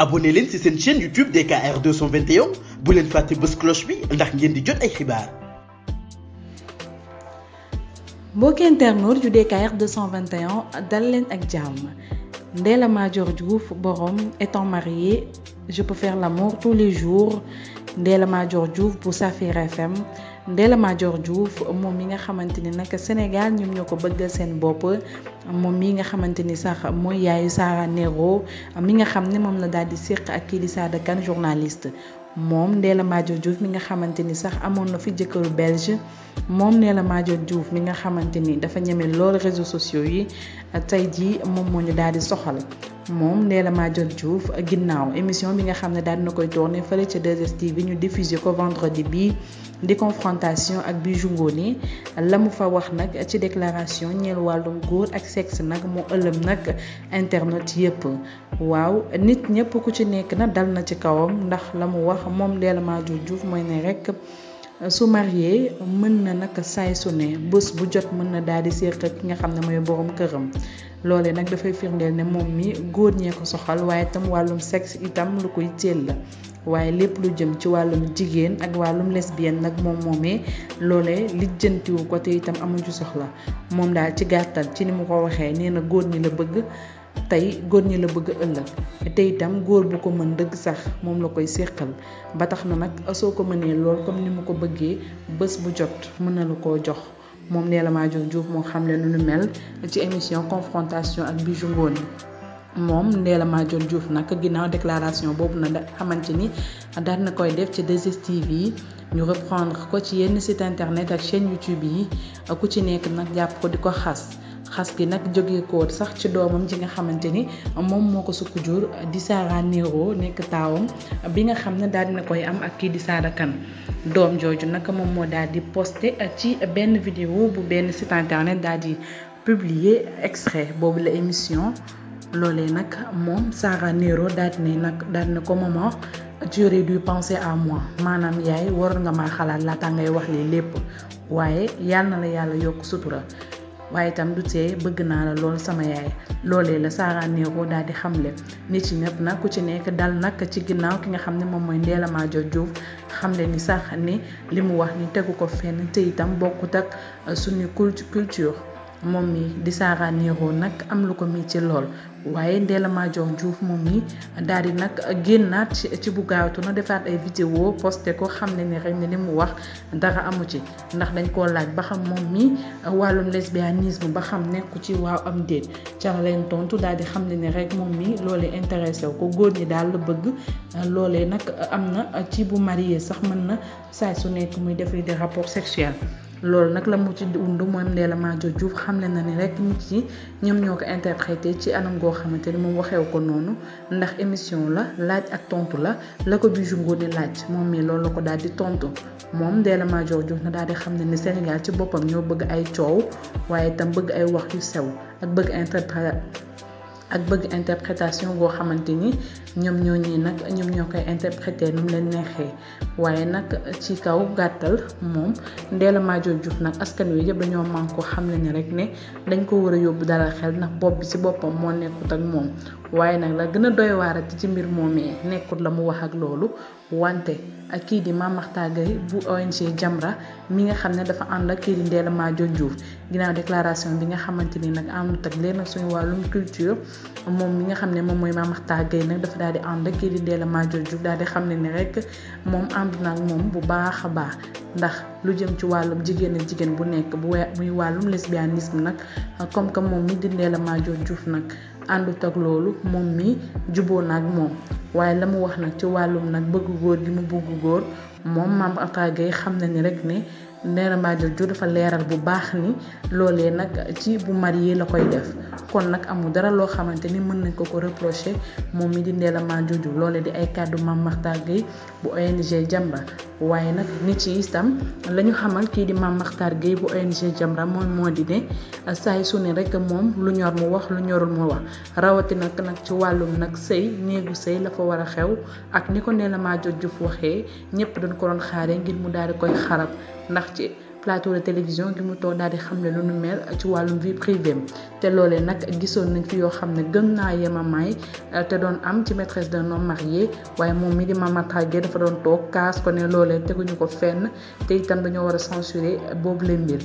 abonné leen ci seen chaîne YouTube DKR 221 bu leen fàtte bës cloche bi ndax ngeen di jot ay xibaar. mbokki internaute yu DKR 221 dal leen ak jàmm Ndella Madior Diouf borom étant mariée je peux faire l'amour tous les jours. Ndella Madior Diouf bu Safir FM Ndella Madior Diouf moom mi nga xamante ni nag Sénégal ñoom ñoo ko bëggal seen bopp moom mi nga xamante ni sax mooy yaayu Sara Nero mi nga xam ne moom la daal di séq ak kii di Sada Kane journaliste moom Ndella Madior Diouf mi nga xamante ni sax amoon na fi jëkkëru belge moom Ndella Madior Diouf mi nga xamante ni dafa ñeme lool réseau sociaux yi tey jii moom moo ñu daal di soxal moom Ndella Madior Diouf ginnaaw émission bi nga xam ne daal na koy tourné fële ca 2STV bi ñu diffusé ko vendredi bi di confrontation ak Bijou Ngoné la mu fa wax nag ci déclaration ñeel wàllum góor ak sexe nag moo ëllëm nag internet yëpp waaw nit ñëpp ku ci nekk na dal na ci kawam ndax la mu wax moom Ndella Madior Diouf mooy ne rek. su marié mën na naka saay su ne bés bu jot mën na daal di séq ki nga xam ne mooy borom këram loolee nag dafay firndeel ne moom mi góor ñee ko soxal waaye tam wàllum sexe itam lu koy téel la waaye lépp lu jëm ci wàllum jigéen ak wàllum lesbienne nag moom moomee loole lijjantiwu ko te itam amu ci soxla moom daal ci gàttal ci ni mu ko waxee nee na góor ñi la bëgg tey góor ñi la bëgg ëllëg te itam góor bu ko mën dëgg sax moom la koy séqal ba tax na nag soo ko mënee lool comme ni mu ko bëggee bés bu jot mën na la koo jox moom Ndella Madior Diouf moo xam ne lu mel ci émission confrontation ak Bijou Ngoné moom Ndella Madior Diouf nag ginnaaw déclaration boobu na da xamante ni daan na koy def ci 2STV yi ñu reprendre ko ci yenn site internet ak chaîne YouTube yi ku ci nekk nag jàpp ko di ko xas xas ki nag jóge ko sax ci doomam ji nga xamante ni moom moo ko sukk jur di Sara Nero nekk taawam bi nga xam ne daal dina koy am ak kii di Sada Kane doom jooju nag moom moo daal di posté ci benn vidéo bu benn site internet daal di publier extrait boobu la émission loolee nag moom Sara Nero daal di ne nag daal di ko maman tu aurais dû penser à moi maanaam yaay waroon nga maa xalaat laata ngay wax lii lépp waaye yal na la yàlla yokk sutura. waaye itam du tee bëgg naa la lool sama yaay loolee la Sara Néro daal di xamle nit yi ñëpp nag ku ci nekk dal nag ci ginnaaw ki nga xam ne moom mooy Ndella Madior Diouf xamle ni sax ni li mu wax ni tegu ko fenn te itam bokkut ak euh, suñu culture moom mi di Sara Néro nag am lu ko metti lool waaye Ndella Madior Diouf moom mi daal di nag génnaat ci bu gaawtu na defaat ay vidéo posté ko xam ne ni rek ne mu wax dara amu ci ndax dañ ko laaj ba xam moom mi wàllum lesbianisme ba xam nekku ci waaw am déet ca leen tontu daal di xam ne ni rek moom mi loolee intéressé wu ko góor ñi daal la bëgg loole nag am na ci bu marié sax mën na saay su nekk muy def li di rapport sexuel loolu nag la mu ci wund moom Ndella Madior Diouf xamle na ni rek nit yi ñoom ñoo ko interprété ci anam goo xamante ni moom waxew ko noonu ndax émission la laaj ak tontu la la ko Bijou Ngoné laaj moom mii loolu la ko daal di tontu moom Ndella Madior Diouf na daal di xam ne ni Sénégal ci boppam ñoo bëgg ay coow waaye itam bëgg ay wax yu sew ak bëgg interprété ak bëgg interprétation boo xamante ni ñoom ñoo ñii nag ñoom ñoo koy interpréter nu mu leen neexee waaye nag ci kaw gàttal moom Ndella Madior Diouf nag askan wi yëpp dañoo mànkoo xam ne ni rek ne dañ ko war a yóbbu dara xel ndax bopp bi ci boppam moo nekkut ak moom waaye nag la gën a doy waarati ci mbir moomee nekkut la mu wax ak loolu wante ak kii di Mame Makhtar Gueye bu ONG Jamra mi nga xam ne dafa ànd ak kii di Ndella Madior ginnaaw déclaration bi nga xamante ni nag àndut ak leen suñu wàllum culture moom mi nga xam ne moom mooy Mame Makhtar Gueye nag dafa daal di ànd ak kii di Ndella Madior Diouf daal di xam ne ni rek moom ànd moom bu baax a baax ndax lu jëm ci wàllum jigéen ak jigéen bu nekk bu muy wàllum lesbianisme nag comme que moom mi di la Madior Diouf nag àndut ak loolu moom mi juboo nag moom waaye la mu wax nag ci wàllum nag bëgg góor gi mu bëgg góor moom Mame Makhtar Gueye xam na ni rek ne. Ndella Madior Diop dafa leeral bu baax ni loolee nag ci bu marié la koy def kon nag amul dara loo xamante ni mën nañ ko ko reprocher moom mi di Ndella Madior Diop loolee di ay kàddu Mame Makhtar Gueye bu ONG waaye nag nit yi itam xamal kii di Mame Makhtar Gueye bu ONG Jamra moom moo di ne saay su ne rek moom lu ñor mu wax lu ñorul mu wax rawati nag ci wàllum nag sëy néegu sëy la fa war a xew ak ni ko Ndella Madior Diop waxee ñëpp dañ ko doon xaaree ngir mu daal di koy xarab ndax ci plateau de télévision gi mu toog daal di xam ne lu nu mel ci wàllum vie privée te loolee nag gisoon nañ fi yoo xam ne gën naa yemamaay eh, te doon am ci maîtresse d'un homme marié waaye moom mi di Mama Tàgge dafa doon toog kaas ko ne loolee ñu ko fenn te itam dañoo war a censurer boobu leen mbir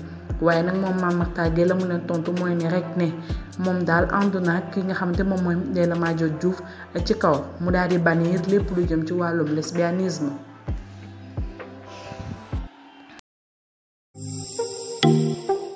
waaye nag moom Mama Tàgge la mu leen tontu mooy ne rek ne moom daal ànd naa ki nga xam te moom mooy Ndella Madior Diouf ci kaw mu daal di bannir lépp lu jëm ci wàllum lesbianisme.